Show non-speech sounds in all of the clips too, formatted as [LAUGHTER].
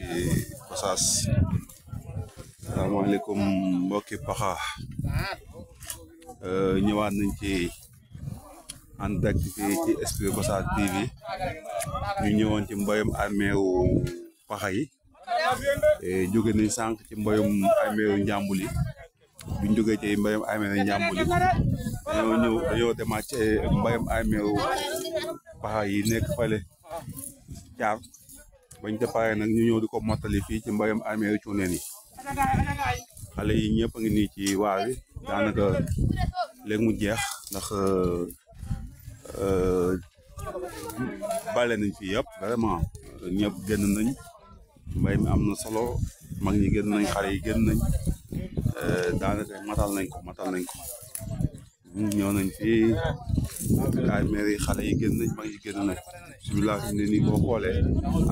mbokki Gossas salaamaaleykum mbokki Paxa euh, ñëwaat nañ ci en direct fii ci Esprit Gossas TV ñu ñëwoon ci mbayum armeewu Paxa yi jóge nañ sànq ci mbayum armeewu njàmbul yi buñ jógee ci mbayum armeewu njàmbul yi dañoo ñëw dañoo demaat ci yi bañ ca paree nag ñu ñëw di ko mottali fii ci mbayam armeeru cuuneen yi xale yi ñëpp a ngi nii ci waar wi daanaka léegi mu jeex ndax euh, euh, bale nañ fii yëpp vraiment ñëpp génn nañ mbay am na solo mag ñi génn nañ xale yi génn nañ euh, daanaka matal nañ ko matal nañ ko ñëw nañ fii ay yi xale yi génn nañ ñi génn nañ village bi ne nii boo xoolee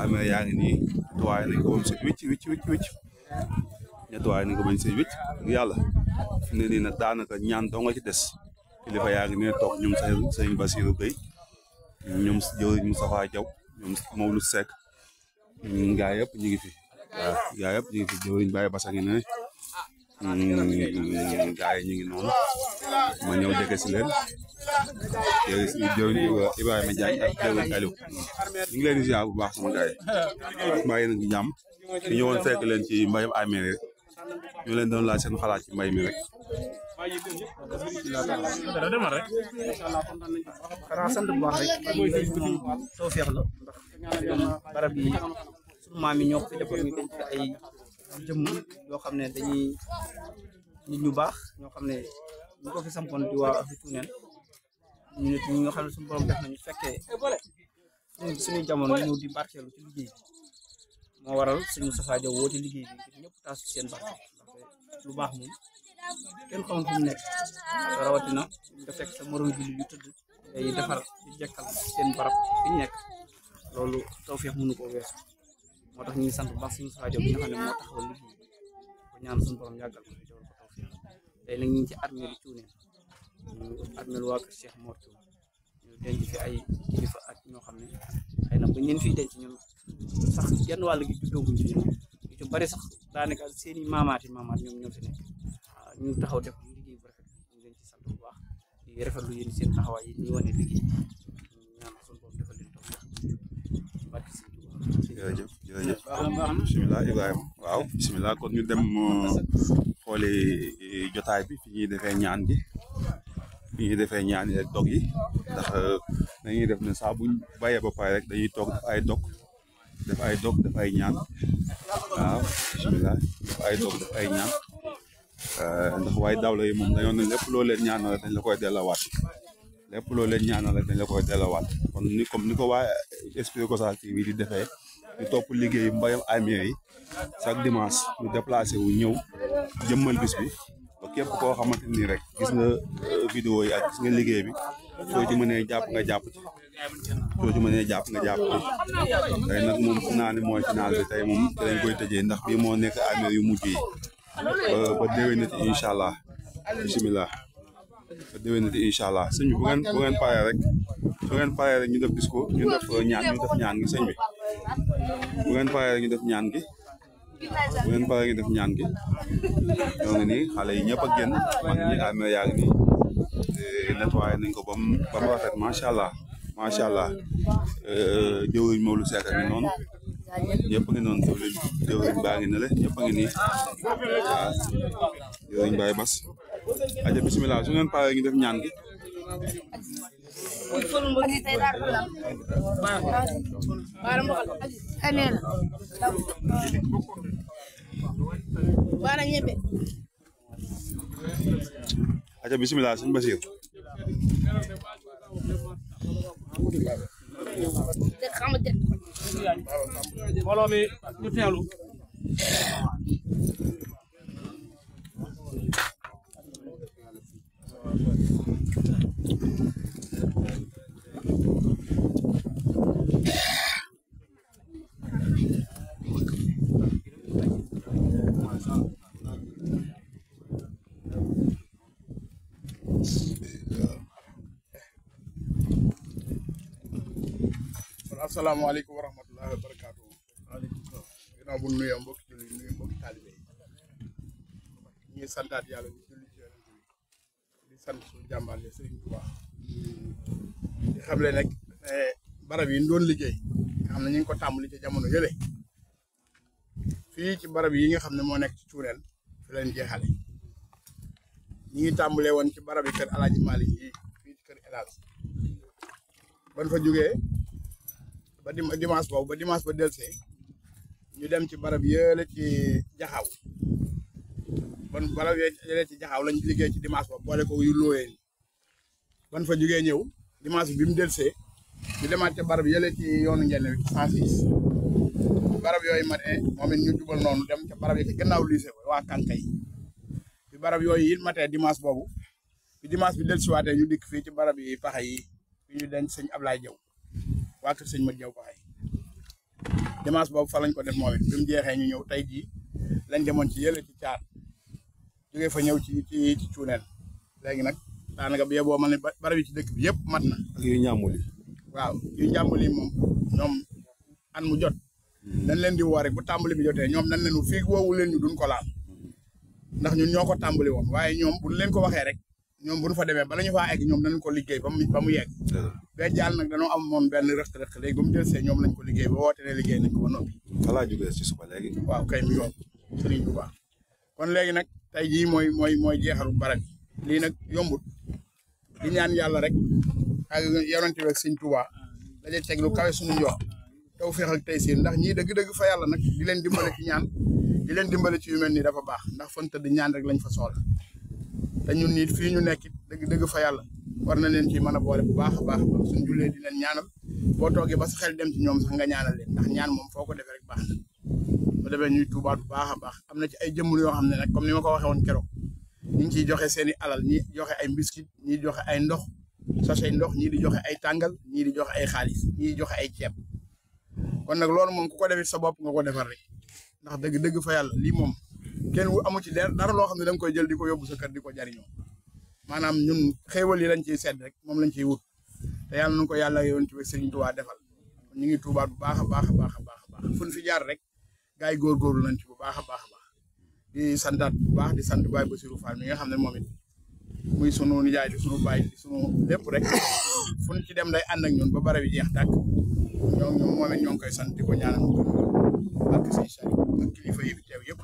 amee yaa ngi nii tuwaay nañ ko ba mu set wicc wicc wicc wicc ña tuwaay nañ ko yàlla fi ne ñaan doo nga ci des kilifa yaa ngi ne toog ñoom sëñ Basiirou Gueye ñoom jëwriñ Moustapha Diaw ñoom Mawlou sek gaa yëpp ñu ngi fi waaw gaa yëpp ñu ngi fi jëwriñ Baye Bassa ngi gaa yi ñu ngi noonu ma ñëw dëkk si leen jërëjëf Ibrahima Diagne ak jërëjëf Aliou ñu ngi leen di ziar bu baax sama gaa yi mbaa jàmm ñu ñëwoon leen ci mbayum Amérique rek leen doon laaj seen xalaat ci mbay mi rek. dara demal rek. jëmm yoo xam ne dañu nit ñu baax ñoo xam ne ñu ko fi sampoon di waa ak tuuneen ñu nit ñi nga xam ne suñu borom def nañu fekkee suñu jamono ñëw di barkeelu liggéey moo waral suñu Moustapha Diaw woote liggéey bi ngir ñëpp taasu seen barke lu baax moom kenn xamul fu mu nekk rawatina nga fekk sa morom julli yu tëdd day defar di jekkal seen barab fi nekk loolu tawfeex mënu ko weesu moo tax ñuy sant bu baax suñu Moustapha Diop bi nga xam ne moo taxawal liggéey ko ñaan suñu borom yàggal ko defal ko taw fii tey nag ñu ngi ci armeel yi cuune armeel waa kër Cheikh Mor Thioune ñu denc fi ay kilifa ak ñoo xam ne bu ñeen ñun sax genn gi ci ñu ci bari sax ñoo fi ñu taxaw def bu rafet ñu leen ci sant bu baax di rafetlu yéen seen taxawaay yi ñuy wane ñaan suñu borom defal leen jëf jërëjëf bisimilah Ibrahima waaw bisimilah kon ñu dem euh, xooli euh, jotaay bi fi ñuy defee ñaan gi fi ñuy defee ñaan yi rek dog yi ndax euh, dañuy def ne saa buñ bàyyee ba pare rek dañuy toog def ay dog def ay dog def ay ñaan waaw bisimilah def ay dog def ay ñaan ndax waaye dawla yi moom dañoo ne lépp loo leen ñaan rek dañ la koy delluwaat. lépp loolu leen ñaanal rek dañ la koy delawaat kon ni comme ni ko waa Esprit Gossas TV di defee ñu topp liggéey mbayam amee yi chaque dimanche ñu déplacé wu ñëw jëmmal bis bi ba képp koo xamante ni rek gis nga euh, vidéo yi ak gis nga liggéey bi soo ci mënee jàpp nga jàpp ci soo ci mënee jàpp nga jàpp ci tey nag moom fi naa ne mooy final bi tey moom ci lañ koy tejee ndax bi moo nekk amee yu mujj yi ba déwénati incha allah bisimilah. déwén di incha allah bu ngeen bu ngeen paree rek su ngeen paree rek ñu def disco ñu def euh, ñaan ñu def ñaan gi sëñ bi bu ngeen paree rek ñu def ñaan gi bu ngeen paree def ñaan gi ñoo ngi nii xale yi ñëpp a génn man ñi amee ah, yaa euh, nañ ko allah Mawlu euh, ngi le ngi Bass aja bismillah su ngeen paré ngi def ñaan gi aja bismillah sëñ basir mbooloo mi ñu salaamaaleykum wa rahmatullahi wa barakaatu. waaleykum salaam. ginnaaw bu nuyoo mbokki julli ngi santaat yàlla di sant suñu jàmbaar yi Sëriñ Tuubaa xamle nag barab yi ñu doon liggéey nga xam ne ñu ngi ko tàmbali ci jamono yële fii ci barab yi nga xam ne moo nekk ci cuuneen fi leen jeexale ngi tàmbalee woon ci barab yi kër Alaaji Maalik yi fii ci kër El ban fa ba dimanche boobu ba dimanche ba delsee ñu dem ci barab yële ci jaxaw ban barab yële ci jaxaw lañ liggéey ci dimanche boobu boole ko yu looyee ban fa jugee ñëw dimanche bi mu delsee ñu demaat ci barab yële ci yoonu njënd bi 106 barab yooyu matin moom it ñu jubal noonu dem ca barab yi ci gannaaw lycée waa Kanka bi barab yooyu it matin dimanche boobu bi dimanche bi delsiwaatee ñu dikk fii ci barab yi paxa yi ñu Ablaye Diaw waa señ sëñ jaw Diaw Baay dimanche boobu fa lañ ko def moom it bi mu jeexee ñu ñëw tey jii lañ demoon ci yële ci caar jógee fa ñëw ci ci ci cuuneel léegi nag daanaka bi yeboo ma ne barab yi ci dëkk yëpp mat na. ak yu waaw yu yi moom ñoom an mu jot. nañ hmm. leen di woo rek bu tàmbali bi jotee ñoom nañ leen fii woowu leen ñu duñ ko laal ndax ñun ñoo ko tàmbali woon waaye ñoom buñ leen ko waxee rek ñoom bu ñu fa demee bala ñu faa egg ñoom danañ ko liggéey ba mu ba mu yegg. bee jàll nag danoo rëq-rëq léegi ba jël see ñoom lañ ko liggéey ba woote ne liggéey nañ ko ba noppi. si suba léegi. waaw kay mi yoon sëriñ bu baax kon léegi nag tey jii mooy mooy mooy jeexalu barab bi lii nag yombut di ñaan yàlla rek ak yonent bi ak sëñ Tuubaa teg lu kawe suñu njox taw feex ak tey siir ndax ñii dëgg-dëgg fa yàlla nag di leen dimbale ci ñaan di leen dimbale ci yu mel nii dafa baax ndax fan tëdd ñaan rek lañ fa soxla te ñun nit fii ñu nekk dëgg dëgg fa yàlla war na leen ci mën a boole bu baax a baax suñ jullee di leen ñaanal boo toogee ba sa xel dem ci ñoom sax nga ñaanal leen ndax ñaan moom foo ko defee rek baax na bu defee ñuy tuubaat baax baax am na ci ay jëmm yoo xam ne nag comme ni ma ko waxee woon keroog ciy joxe seeni i alal ñi joxe ay mbiskit ñi joxe ay ndox sachet ndox ñii di joxe ay tàngal ñii di joxe ay xaalis ñii joxe ay ceeb kon nag loolu moom ku ko defit sa bopp nga ko defar rek ndax dëgg dëgg fa yàlla lii moom kenn amu ci dara loo xam ne da nga koy jël di ko yóbbu sa kër di ko jariñoo maanaam ñun xéewal yi lañ ciy sedd rek moom lañ ciy wut te yàlla nañu ko yàlla yoon ci Sëriñ Tuubaa defal ñu ngi tuubaat bu baax a baax a baax a baax fuñ fi jaar rek gars yi góorgóorlu nañ ci bu baax a baax a baax di santaat bu baax di sant Baye Bassirou Fall mi nga xam ne moom it muy sunu nijaay di sunu baay di sunu lépp rek fuñ ci dem day ànd ak ñun ba bare bi jeex tàkk ñoo moom it ñoo ngi koy sant di kilifa yi fi yep, yëpp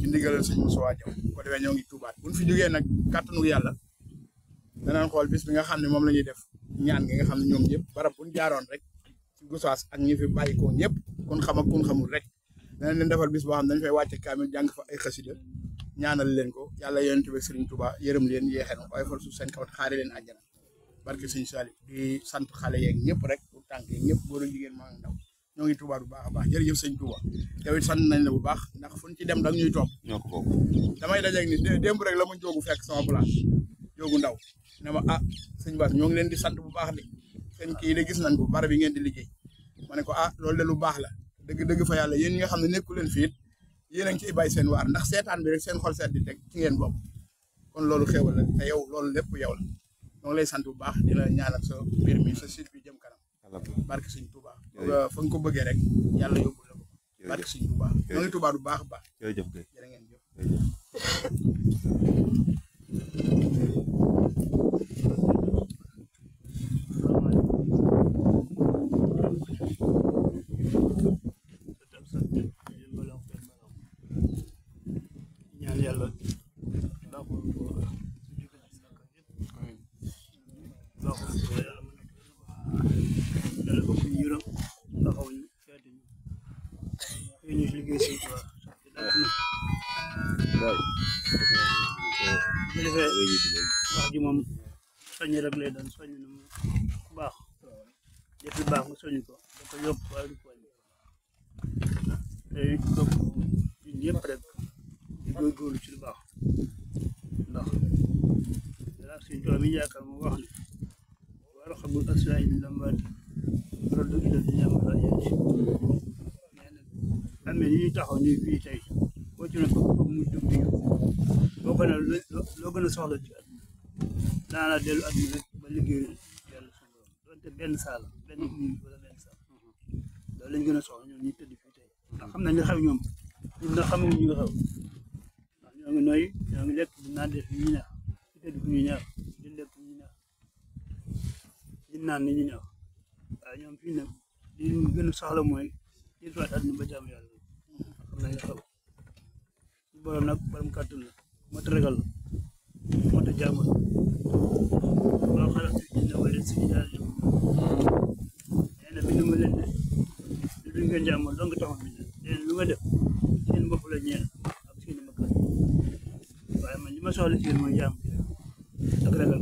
ci ndigalal sëñ Moussa Diaw ko defee ñoo ngi tuubaat buñ fi jógee nag kàttanu yàlla danaan xool bis bi nga xam ne moom def ñaan gi nga xam ne ñoom barab buñ jaaroon rek ci Gossas ak ñi fi bàyyi ko kon kun xam ak kun xamul rek danañ leen defal bis boo xam dañ fay wàcce kaamil jàng fa ay xasida ñaanal leen ko yàlla yonent bi Sëriñ Tuubaa yërëm leen yeexeen ay fal suuf seen kawat xaare leen àjjana barke sëñ Sali di sant xale yeeg rek pour tànk yeeg ñëpp góor ak ndaw ñoo ngi Touba bu baax a baax jërëjëf sëñ Touba yow it nañ la bu baax ndax fu ci dem dag ñuy toog ñoo ko bokk damay dajeeg ni démb rek la ma jógu fekk sama place jógu ndaw ne ma ah sëñ Bass ñoo ngi leen di sant bu baax de seen kii de gis nañ ko barab bi ngeen di liggéey ma ne ko ah loolu de lu baax la dëgg dëgg fa yàlla yéen ñi nga xam ne nekku leen fiit yéen a ngi ciy bàyyi seen waar ndax seetaan bi rek seen xol seet di teg ci ngeen bokk kon loolu xewal la te yow loolu lépp yow la ñoo ngi lay sant bu baax di la ñaanal sa mbir mi sa site bi jëm kanam barke sëñ Touba fa nga ko bëggee rek yàlla yóbbu la ko barke suñu Tuubaa ma ngi baax a baax jërë ngeen jëf rek lay doon soññ baax def lu baax nga soññ ko da ko yokk waaye du ko wàññi te bokk ñun ñëpp rek di góorgóorlu ci baax ndax danaa suñu mu wax ne war a xamul ñu am la yéen ci taxaw ñuy fii tey boo ci ne mu jóg di boo gën a loo dana delu aduna ba liggéey yàlla sun borom donte benn saal benn minute wala benn saal loolu lañ gën a soxla ñoom ñu tëdd fii tey ndax xam nañ li xew ñoom ñun na xamuñ ñu xew ndax ñoo ngi noy ñoo ngi lekk di naan def ñu neex di tëdd fu ñu neex di lekk ñu neex di naan ni ñu neex waaye ñoom fii nag li ñu gën a soxla mooy di tuwaat aduna ba jàmm yàlla xam nañ xew borom nag borom kàttan la moo tëragal la wata jama ba khalaqtu jinna wal insa illa liya'budun nee na bindu ma leen de lu dul ngeen jaamu dong tax ma bind leen lu nga def seen bopp la ñeel ak seen makkaan waaye man li ma soxla ci yéen mooy jaamu ak ragal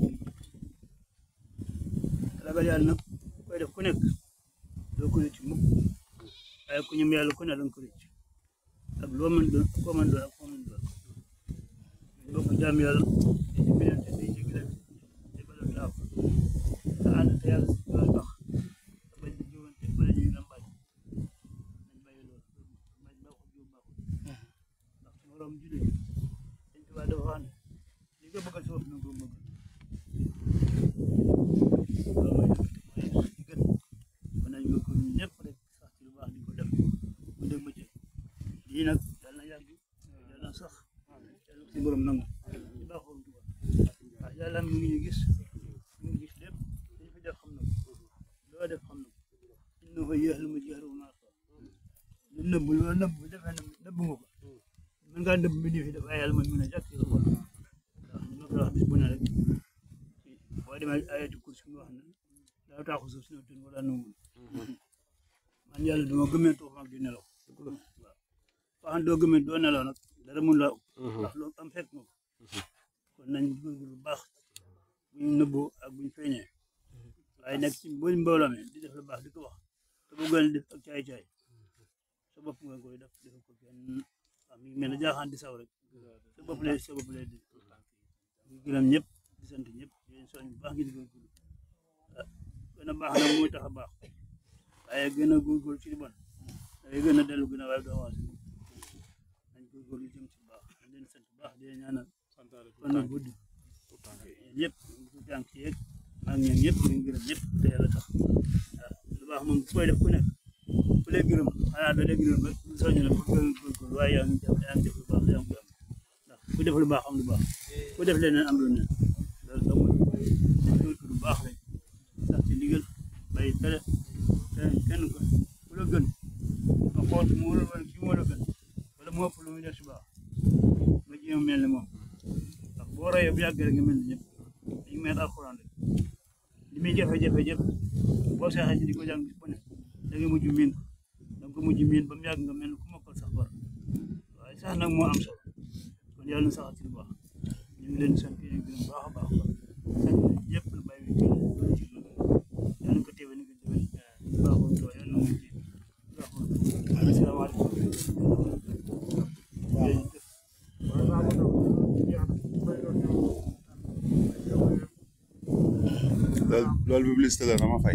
ragal yàlla nag koy def ku nekk doo ko rëcc mukk waaye ku ñëm yàlla ku bokk jaam yàlla di dimbalante di jégalante di balante ak te ànd te yàlla si yoon tax te bañ di jiwante bala ñuy lambaaj nañ bàyyi loolu lambaaj baaxul jiw baaxul ndax su morom julli dañ ci waa dafa xam li nga bëggal sa bopp na ko bëgg lii borom nangu baaxul du waaw yàlla mi ngi ñu gis mi ngi gis lépp li fi def xam na ko loo def xam na ko innahu yahlu ma jahru ma sa lu nëbb loo nëbb defee nëbb nga ko mën ngaa nëbb mi fi def ay yàlla mën mën a jàkk ko ndax ñu ma ko wax bis bu ne rek boo demee ayatu kursi mu wax na daa taaxu suuf sunu tun wala nangu man yàlla duma gëmee tuuf ak di nelaw waaw waxan doo gëmee doo nelaw nag dara mun la ndax mhm. loolu tam fekk ko mhm. kon nañ góorgóorlu bu baax buñ nëbboo ak buñ feeñee mhm. waaye nag ci buñ mbooloo di def lu baax di ko wax te bu gën def ak caay-caay sa bopp def def ko kenn am yi mel ne jaaxaan di saw rek sa bopp lay sa bopp lay di ñu gërëm ñëpp di sant ñëpp di leen soñ bu baax ngeen góorgóorlu ah, gën a baax nag mooy tax a baax waaye gën a góorgóorlu ci li gën a dellu gën a waaye doo leen sant bu baax di leen ñaanal fan bu gudd ñëpp du tànk yeeg ak ñoom ñëpp ñu ngi gërëm ñëpp te yàlla tax waaw lu baax moom ku koy def ku nekk ku lay gërëm xanaa da lay gërëm rek soñu la pour góorgóor waaye yaa ngi def yaa ngi def lu baax yaa ngi am ndax ku def lu baax am lu baax ku def leneen am lu ne loolu sax mooy góorgóor lu baax rek sax ci ndigal bàyyi tere kenn ku la gën nga xool mu wóor la wala kii moo la gën wala moo ëpp lu muy def si baax ñoo mel ni moom ndax boo royee bu yàggee rek nga mel li muy jafe-jafe yëpp boo seexee ci di ko jàng bis bu ne da nga mujj miin da nga ko mujj ba mu yàgg nga mel ni sax war waaye sax moo am solo kon yàlla na saxal ci lu baax ñu ngi leen لو بيبل استدنا ما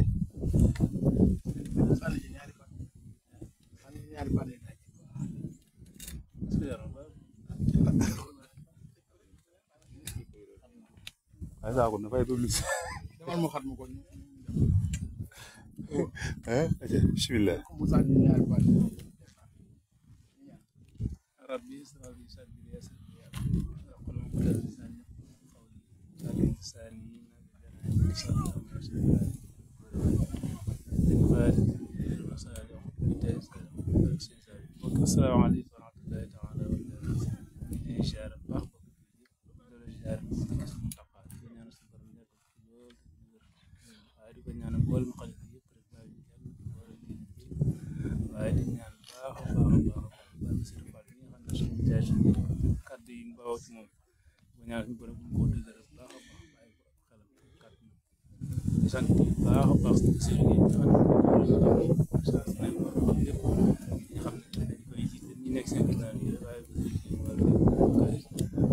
[LAUGHS] [LAUGHS] السلام عليكم ورحمة الله تعالى وبركاته إن شاء الله بخبر دولة جار waaye di ko ñaanal bool mu xale yëpp rek bàyyi ñu kenn wala ñu waaye di ñaan baax a baax a baax baax Sëriñ Fall mi nga xam ne suñu jaay suñu kàddu yi mu bawoo ci moom bu ñaan suñu borom ko dëgëral sant bu baax a baax si liggéey bi nga xam ne lépp nga xam ne dañ koy ji ñu nekk seen ginnaaw yi waaye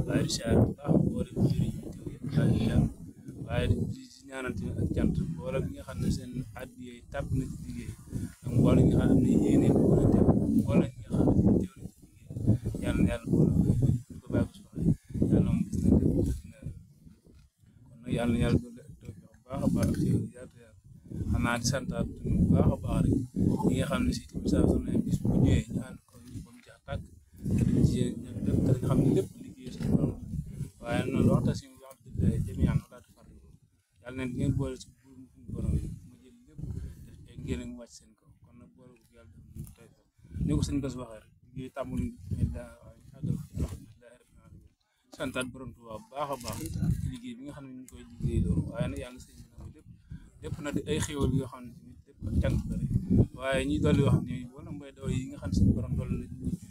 waaye di siyaar bu baax boole bu jëriñ ñu teew yëpp yaa ngi jàmm waaye di ñaanante ak cant boole bi nga xam ne seen at bi yooyu tàbb na ci liggéey ak mboole nga xam ne yéene bu gën a teew mboole nga xam ne teew na ci liggéey yàlla na yàlla boole ko bàyyi ko soxla yàlla moom gis na def kon nag yàlla na yàlla santaat bu baax a baax rek ñi nga xam ne si tamit saa su ne bis bu ñëwee ñu ànd ko ñu ko mu jeex tàkk te duñ ci ñoom lépp te nga xam ne lépp liggéey si borom waaye noonu wax tax si ñu wax dëgg jëmee ànd daal di far ne ngeen boole si bu mu borom baax a baax bi nga xam ne ñu ngi lépp na di ay xéwal yoo xam ne tamit cant la rek waaye ñuy dolli wax ne wala mbay daw yi nga xam ne suñu borom dool la ñu jiitu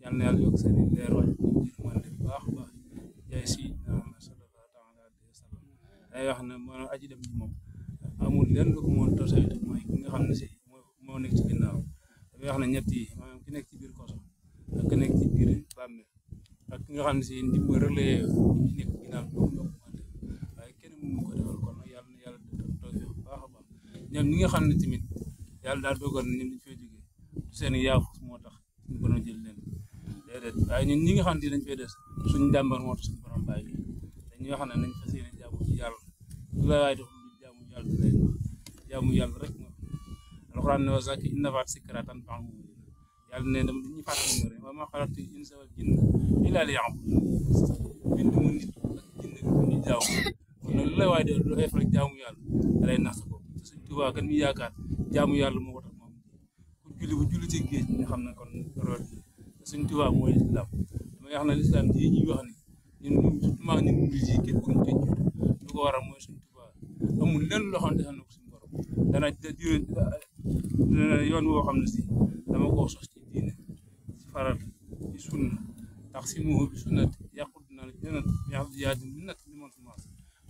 yàlla na yàlla yokk seen i leer wàcc ñu bu baax baax si day wax ne aji dem moom amul lenn lu ko mën tosaytu mooy ki nga xam ne si moo nekk ci ginnaaw dafay wax ne ñett yi maanaam ki nekk ci biir kosom ak ki nekk ci biir bàmmeel ak ki nga xam ne si ndimbal rek la nekk ginnaaw waaye kenn mënu ko defal kon ñoom ñi nga xam ne tamit yàlla daal dogal na ñoom dañu fay jógee du seen yaafus moo tax suñu borom jël leen déedéet waaye ñun ñi nga xam ne dañ fay des suñu jàmbar moo tax suñu borom bàyyi dañuy wax ne nañ fas yéene jaamu ci yàlla du la waaye def lu jaamu yàlla lay wax jaamu yàlla rek nga alxuraan ne wa zakki inna faat sikra tan fax mu yàlla ne dama dañuy fàttali ñu rek ma xalaatu insa wal jinn illa li ya'budun bind mu nit ak jinn ñu jaamu kon nag lu la waaye def lu def rek jaamu yàlla da lay nax sa bopp Tuubaa kat mi yaakaar jaamu yàlla moo ko tax moom ku julli bu julli ci géej nga xam ne kon root suñ Tuubaa mooy lislaam damay wax ne lislaam ji ñuy wax ni ñun surtout ñun murid yi kenn ku ñu ci jiitu lu ko waral mooy suñ Tuubaa amul lenn loo xam ne defal na ko suñu borom dana dina yoon woo xam ne si dama ko sos ci diine ci faral ci sunna tax si mu bi sunnat yàqu dina la jënat yàqu yaa di nat li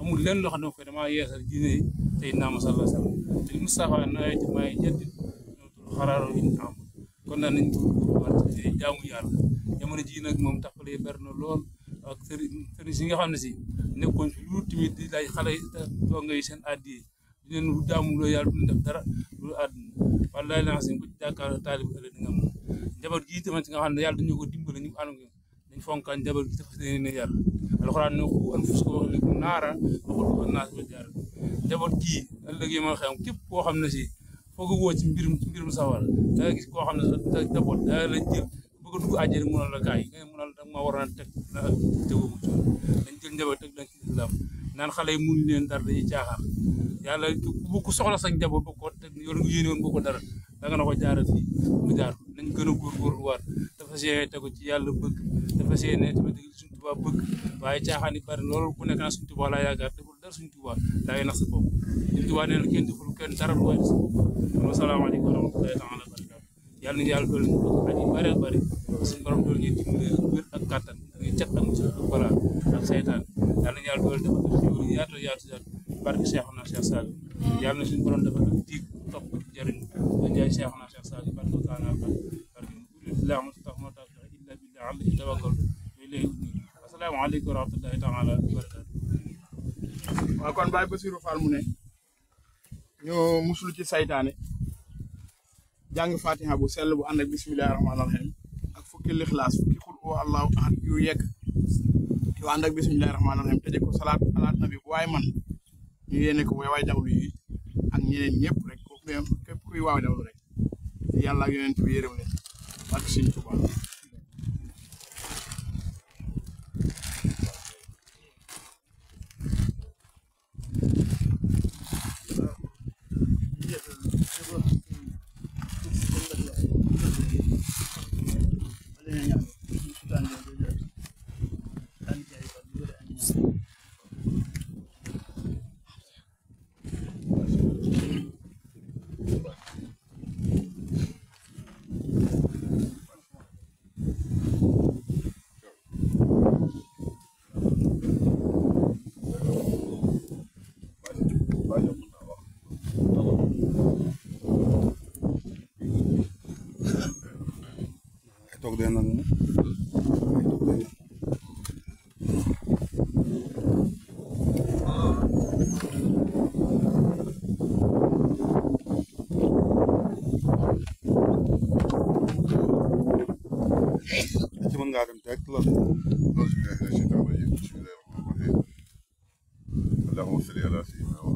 amul leen loxo xam ne koy damaa yeesal diine yi tey naa ma sallallahu alayhi wa sallam te Moustapha nawet bi maa ngi xaraaroo yi ñu am kon nag nañ ko wàllu jaamu jamono jii nag moom taxalee ber na lool ak sëriñ sëriñ si nga xam ne si nekkoon si lu timit di laaj xale yi toog ngay seen addi di leen jaamu loo yàlla du leen def dara lu àdduna wallaay laa si ko jàkkaarloo taalib ëllëg di nga am njaboot gii tamit nga xam ne yàlla dañoo ko dimbale ñu ànd dañ fonkaan njaboot gi dafa seen ne yàlla alxuraan ne ku anfusakum wa ahliikum naaran waquduhaa an-naas wal hijaara njaboot gii ëllëg yi ma xam képp koo xam ne si foo ko woo ci mbirum ci mbirum sawal da nga gis koo xam ne sa njaboot da la jël bëgg a dugg àjjana mënal la gaay nga mënal da ma waroon a teg la teguma ci dañ jël njaboot teg dañ ci islam naan xale yi mënuñ leen dara dañuy caaxaan yàlla bu ko soxla sa njaboot ba ko teg yow nga yéene woon boo ko dara da nga na ko jaaral fii mu jaar nañ gën a góorgóorlu waat dafa see tegu ci yàlla bëgg dafa see tamit Touba bëgg waaye caaxaan yi bari loolu ku nekk na suñ Touba laa yaakaar deful dara suñ Touba daa ngay nax sa bopp suñ Touba nee na kenn deful kenn dara lu waaye sa bopp kon asalaamaaleykum wa rahmatullahi taala wa barakatu yàlla nañu yàlla dool ñu bëgg at yi bëree bëri suñu borom dool ñuy dimbale wér ak kàttan ak cat ak mucc ak balaa ak saytaan yàlla nañu yàlla dool defal xéwal yaatu yaatu yaatu barke Cheikhuna Cheikh Saliou yàlla na suñu borom defal diig topp jëriñ jaay Cheikhuna Cheikh Saliou barke taala barke لا مستغفر إلا بالله عليه توكل وإليه asalaamaaleykum wa rahmatullahi taala waaw kon Baye Bassirou Fall mu ne ñoo musul ci saytaane jàng fatiha bu sell bu ànd ak bisimilahi rahmaani rahim ak fukki lixlaas fukki xul oo allahu ahad yu yekk yu ànd ak bisimilahi rahmaani rahim tëje ko salaat alaat nabi bu waay man ñu yéene ko way dawlu yi ak ñeneen ñëpp rek ko képp kuy waaw dawlu rek yàlla ak yonent bi yërëm leen ak suñ ఒక దినం Kimin gadim tekrar? Allah'ın gadim tekrar. Allah'ın gadim tekrar. Allah'ın gadim tekrar.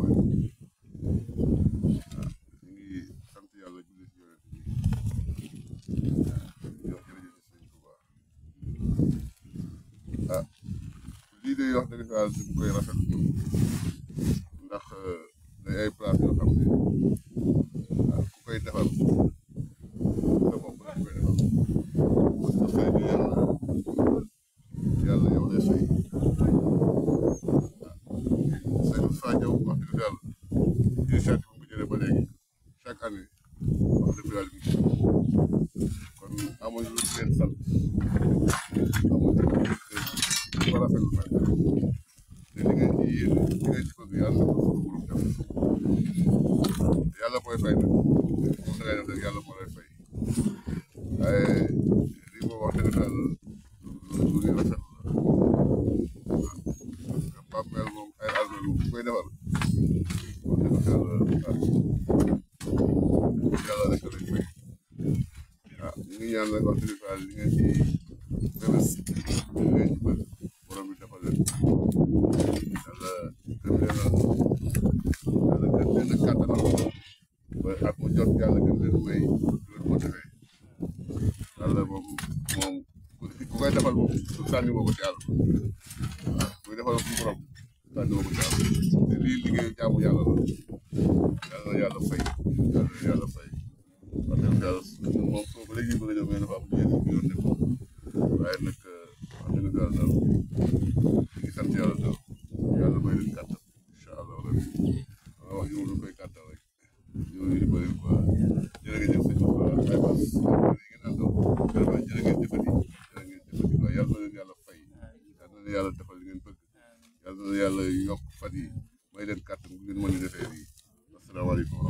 yooyu wax dëgg yàlla dañ koy rafetlu ndax euh, day ay place yoo xam ne euh, ku koy defal sa bopp koy defal ndax xëy na yàlla yàlla yow lay fay waaw ah, sëñ Moussa Diaw wax dëgg yàlla initiative bu jëlee ba léegi chaque année kon amuñu lu leen sant rafetlu nag te li ngeen ci yéen li ngeen ci bëgg yàlla ko suñu borom def yàlla mooy fay nag moom da ba at mu jot yàlla gën leen may loolu moo defee yàlla moom defal moom sànni woo ko ci yàlla waaw kuy defal moom borom sànni woo ko ci yàlla السلام عليكم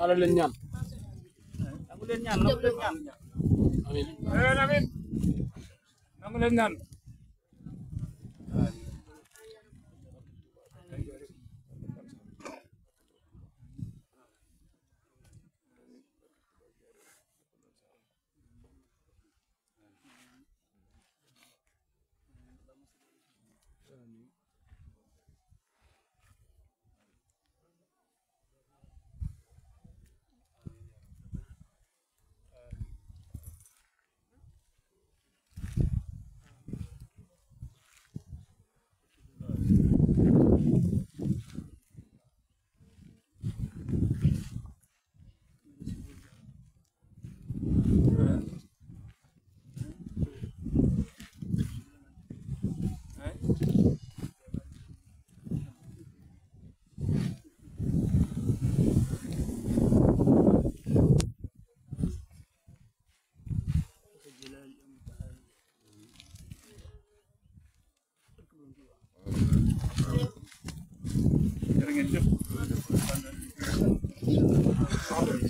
Kamu lenyap, kamu lenyap. Amin. Eh, Amin. Kamu lenyap. Thank you.